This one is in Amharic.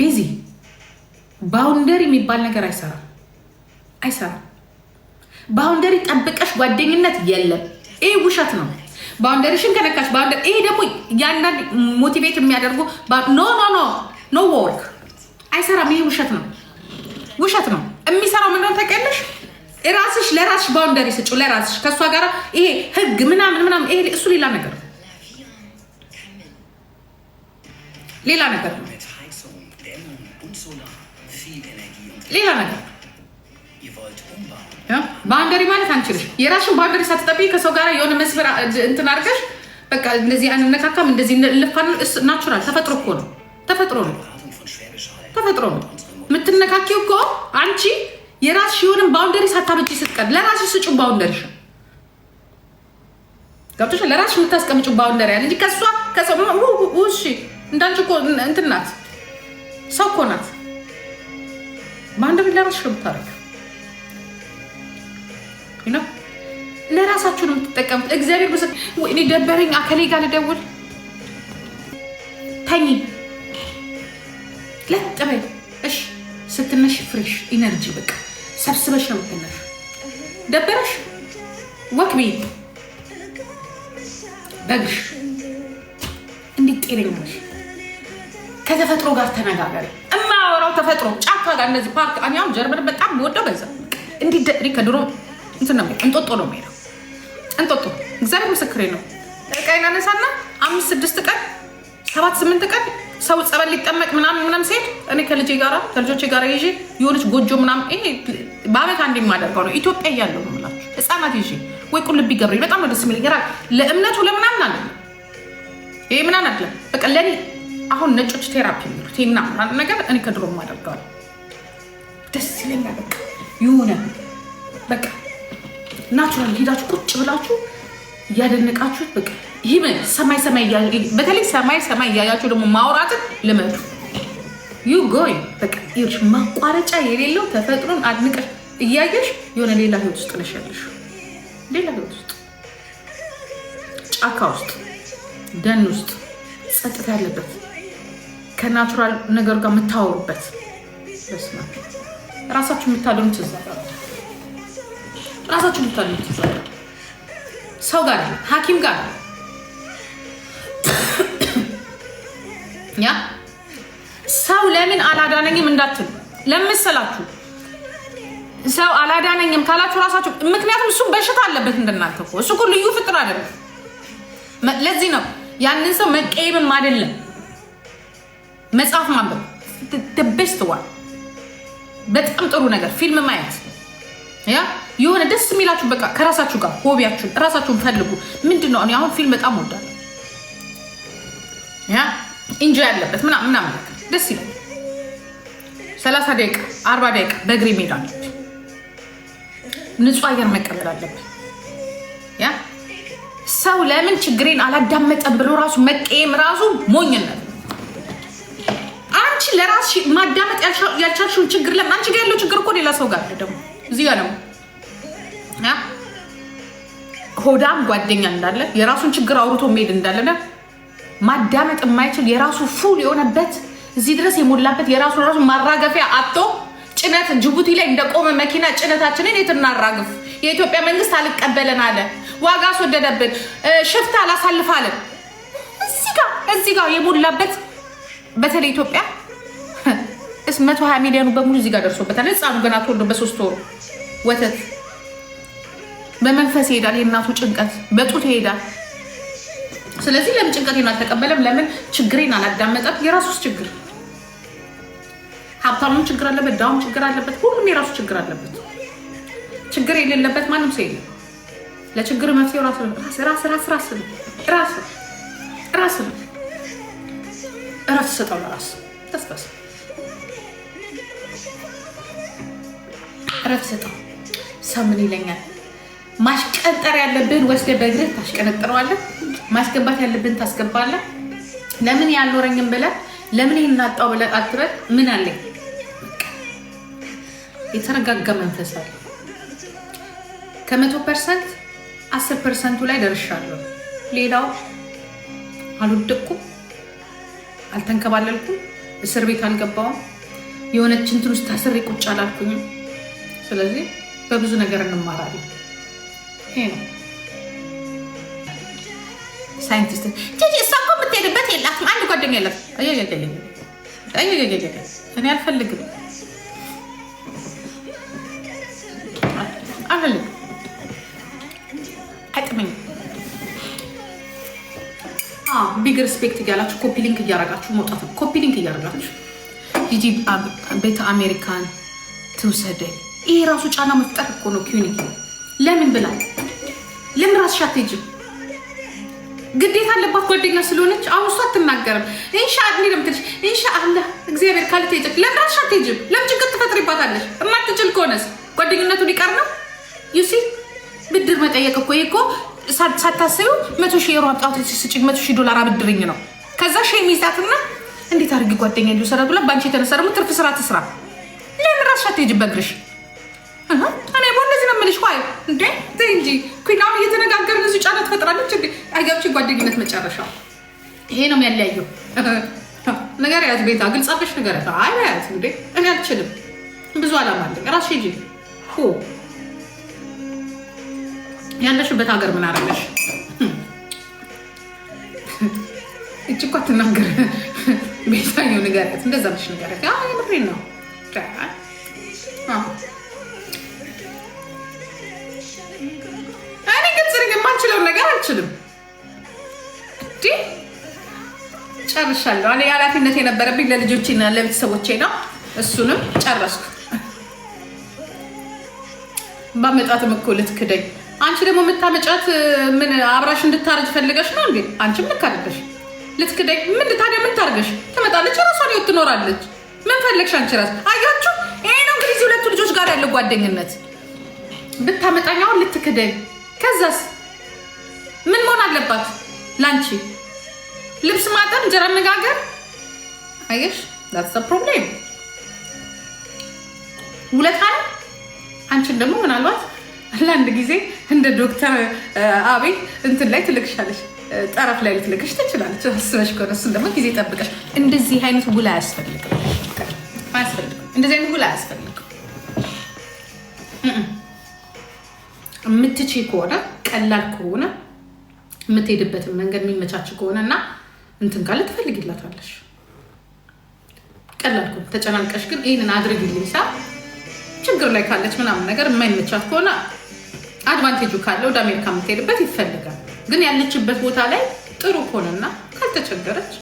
ቤዚ ባውንደሪ የሚባል ነገር አይሰራም አይሰራም። ባውንደሪ ጠብቀሽ ጓደኝነት የለም። ይህ ውሸት ነው። ባውንደሪሽን ከነካሽ ባውንደሪ ይሄ ደግሞ ያንዳንድ ሞቲቬት የሚያደርጉ ኖ ኖ ኖ ኖ ወርክ አይሰራም። ይሄ ውሸት ነው፣ ውሸት ነው። የሚሰራው ምንድን ነው ታውቂያለሽ? ራስሽ ለራስሽ ባውንደሪ ስጪው ለራስሽ። ከእሷ ጋር ይሄ ህግ ምናምን ምናምን ይሄ እሱ ሌላ ነገር ሌላ ነገር ነው። ሌላ ነገር ባውንደሪ ማለት አንችልሽ። የራሽን ባውንደሪ ሳትጠብቂ ከሰው ጋር የሆነ መስበር እንትን አድርገሽ በቃ እንደዚህ አንነካካም፣ እንደዚህ ልፋን ናቹራል። ተፈጥሮ እኮ ነው፣ ተፈጥሮ ነው፣ ተፈጥሮ ነው። የምትነካኪው እኮ አንቺ የራስሽ የሆነ ባውንደሪ ሳታበጪ ስትቀር፣ ለራስሽ ስጩ ባውንደሪሽ። ገብቶሻል? ለራስሽ የምታስቀምጪው ባውንደሪ ያለ እንጂ ከእሷ ከሰው እንዳንቺ እኮ እንትን ናት፣ ሰው እኮ ናት። ማንደር ለራስሽ ነው የምታደርጊው። ለራሳችሁ ነው የምትጠቀሙት። እግዚአብሔር ብሰ ወይኔ ደበረኝ፣ አከሌ ጋር ልደውል፣ ተኝ፣ ለጥ እሺ ስትነሽ ፍሬሽ ኢነርጂ በቃ ሰብስበሽ ነው የምትነሽ። ደበረሽ ወክቢ በግሽ እንዴት ጤነኛሽ። ከተፈጥሮ ጋር ተነጋገሪ። ተፈጥሮ ጫካ ጋር እነዚህ ፓርክ አሁን ጀርመን በጣም ወደው በዛ እንዲደሪ ከድሮ እንጦጦ ነው የሚሄደው። እንጦጦ እግዚአብሔር ምስክሬ ነው። ቀይና ነሳና አምስት ስድስት ቀን ሰባት ስምንት ቀን ሰው ጸበል ሊጠመቅ ምናምን ምናምን ሲሄድ እኔ ከልጄ ጋራ ከልጆቼ ጋራ ይዤ የሆነች ጎጆ ምናምን ይሄ በአመት አንድ የማደርገው ነው። ኢትዮጵያ እያለሁ ነው የምላችሁ ህፃናት ይዤ ወይ ቁልቢ ገብርኤል በጣም ነው ደስ የሚል ለእምነቱ ለምናምን አለ ይሄ ምናምን አለ በቃ ለእኔ አሁን ነጮች ቴራፒ የሚሉት ና ምናምን ነገር እኔ ከድሮ አደርገዋል። ደስ ይለኛል። በቃ የሆነ በቃ ናቹራል ሄዳችሁ ቁጭ ብላችሁ እያደነቃችሁት በቃ ይህ ሰማይ ሰማይ በተለይ ሰማይ ሰማይ እያያችሁ ደግሞ ማውራትን ልመዱ። ዩ ጎይ በቃ ማቋረጫ የሌለው ተፈጥሮን አድንቀሽ እያየሽ የሆነ ሌላ ህይወት ውስጥ ነሽ ያለሽ ሌላ ህይወት ውስጥ ጫካ ውስጥ ደን ውስጥ ጸጥታ ያለበት ከናቹራል ነገር ጋር የምታወሩበት ራሳችሁ የምታደኑት እዛ ራሳችሁ የምታደኑት እዛ ሰው ጋር ሐኪም ጋር ያ ሰው ለምን አላዳነኝም እንዳትሉ ለምሰላችሁ ሰው አላዳነኝም ካላችሁ ራሳችሁ ምክንያቱም እሱ በሽታ አለበት እንደናንተ እኮ እሱ ልዩ ፍጥር አይደለም። ለዚህ ነው ያንን ሰው መቀየምም አይደለም ቤስት ዋን በጣም ጥሩ ነገር ፊልም ማየት ያ የሆነ ደስ የሚላችሁ በቃ ከራሳችሁ ጋር ሆቢያችሁን እራሳችሁን ፈልጉ። ምንድን ነው አሁን ፊልም በጣም ወዳለሁ ያ ኢንጆ ያለበት ምናምን ምናምን ደስ ይላል። ሰላሳ ደቂቃ አርባ ደቂቃ በእግሬ ሜዳ። አለብኝ። ንጹህ አየር መቀበል አለብኝ። ያ ሰው ለምን ችግሬን አላዳመጠም ብሎ ራሱ መቀየም ራሱ ሞኝነት ማዳመጥ ያልቻልሽውን ችግር ለምን አንቺ ጋር ያለው ችግር እኮ ሌላ ሰው ጋር ደግሞ እዚህ ጋር ነው። ሆዳም ጓደኛ እንዳለ የራሱን ችግር አውርቶ መሄድ እንዳለ ማዳመጥ የማይችል የራሱ ፉል የሆነበት እዚህ ድረስ የሞላበት የራሱ ራሱ ማራገፊያ አጥቶ ጭነት ጅቡቲ ላይ እንደቆመ መኪና ጭነታችንን የት እናራግፍ? የኢትዮጵያ መንግስት አልቀበለን አለ። ዋጋ አስወደደብን፣ ሽፍታ አላሳልፍ አለን። እዚህ ጋር እዚህ ጋር የሞላበት በተለይ ኢትዮጵያ እስ መቶ ሚሊዮኑ በሙሉ እዚህ ጋር ደርሶበታል። ህፃኑ ገና ተወልዶ በሶስት ወሩ ወተት በመንፈስ ይሄዳል። የእናቱ ጭንቀት በጡት ይሄዳል። ስለዚህ ለምን ጭንቀቴን አልተቀበለም? ለምን ችግሬን አላዳመጠም? የራሱ ችግር ሀብታሙም ችግር አለበት፣ ዳውም ችግር አለበት፣ ሁሉም የራሱ ችግር አለበት። ችግር የሌለበት ማንም ሰው የለም። ለችግር መፍትሄው ራስ ራስ ራስ ራስ ራስ ራስ ራስ ራስ ራስ ራስ እረፍት ስጠው። ሰው ምን ይለኛል? ማሽቀንጠር ያለብህን ወስደህ በእግርህ ታሽቀነጥረዋለህ። ማስገባት ያለብህን ታስገባለህ። ለምን ያልኖረኝም ብለህ ለምን ይህን ብለህ አትበል። ምን አለኝ? የተረጋጋ መንፈስ አለ። ከመቶ ፐርሰንት አስር ፐርሰንቱ ላይ ደርሻለሁ። ሌላው አልወደቅኩም፣ አልተንከባለልኩም፣ እስር ቤት አልገባውም፣ የሆነች እንትን ውስጥ ታስሬ ቁጭ አላልኩኝም። ስለዚህ በብዙ ነገር እንማራለን። ይሄ ነው ሳይንቲስት ጂጂ። እሷ እኮ የምትሄድበት የላትም፣ አንድ ጓደኛ የለም። እኔ አልፈልግም አልፈልግም ቢግ ሪስፔክት እያላችሁ ኮፒ ሊንክ እያረጋችሁ መውጣት ነው። ኮፒ ሊንክ እያረጋችሁ ጂጂ ቤተ አሜሪካን ትውሰደኝ ይሄ ራሱ ጫና መፍጠር እኮ ነው። ኪዩኒክ ለምን ብላ ለምን ራስሽ አትሄጂም? ግዴታ አለባት ጓደኛ ስለሆነች። አሁን እሱ አትናገርም። ኢንሻአላ ለምትልሽ ኢንሻአላ እግዚአብሔር ካለ ትሄጃለሽ። ለምን ራስሽ አትሄጂም? ለምን ጭንቀት ትፈጥሪባታለሽ? እማትችል ከሆነስ ጓደኝነቱ ሊቀር ነው። ዩሲ ብድር መጠየቅ እኮ ይሄ እኮ ሳታስቢው መቶ ሺህ ሮ አምጣት ስጭኝ፣ መቶ ሺህ ዶላር አብድርኝ ነው። ከዛ ሼም ይዛትና እንዴት አድርጊ ጓደኛ እንዲሁ ሰራት ብላ በአንቺ የተነሳ ደግሞ ትርፍ ስራ ትስራ። ለምን ራስሽ አትሄጂም በእግርሽ? እኔ በእነዚህ ነው የምልሽ። ኳይ እንዴ ተይ እንጂ ኩናም እየተነጋገርን እዚሁ ጫና ትፈጥራለች። እንዴ ጓደኝነት መጨረሻ ይሄ ነው የሚያለያየው ነገር። ያዝ ቤታ ግልጻለሽ ነገር አይ ያዝ እንዴ እኔ አልችልም። ብዙ አላማ አለኝ። ራስሽ ሂጂ። ያለሽበት ሀገር ምን አረገሽ? እች እኮ አትናገር ቤታየው ንገረት፣ እንደዛ ብሽ ንገረት። ምሬ ነው የማልችለውን ነገር አልችልም። ጨርሻለሁ። እኔ ኃላፊነት የነበረብኝ ለልጆቼና ለቤተሰቦቼ ነው። እሱንም ጨረስኩ። ባመጣትም እኮ ልትክደኝ። አንቺ ደግሞ የምታመጫት ምን አብራሽ እንድታረጅ ፈልገሽ ነው እንዴ? አንቺ ልክ ልትክደኝ ምን ታዲያ ምን ታርገሽ? ትመጣለች፣ ራሷን ህይወት ትኖራለች። ምን ፈለግሽ አንቺ ራስ? አያችሁ፣ ይሄ ነው እንግዲህ ሁለቱ ልጆች ጋር ያለ ጓደኝነት። ብታመጣኛውን አሁን ልትክደኝ ከዛስ ምን መሆን አለባት ላንቺ? ልብስ ማጠብ፣ እንጀራ መጋገር። አየሽ ዳትስ ፕሮብሌም ውለታ ነው። አንቺን ደግሞ ምናልባት ለአንድ ጊዜ እንደ ዶክተር አቤ እንትን ላይ ትልቅሻለች፣ ጠረፍ ላይ ልትልቅሽ ትችላለች። አስበሽ ከሆነ እሱን ደግሞ ጊዜ ጠብቀሽ። እንደዚህ አይነት ውል አያስፈልግም፣ አያስፈልግም። እንደዚህ አይነት ውል አያስፈልግም። የምትችይ ከሆነ ቀላል ከሆነ የምትሄድበትን መንገድ የሚመቻች ከሆነ እና እንትን ካለ ትፈልግላታለሽ። ቀላልኩ ተጨናንቀሽ ግን ይህንን አድርግልኝ ሳ ችግር ላይ ካለች ምናምን ነገር የማይመቻት ከሆነ አድቫንቴጁ ካለ ወደ አሜሪካ የምትሄድበት ይፈልጋል። ግን ያለችበት ቦታ ላይ ጥሩ ከሆነና ካልተቸገረች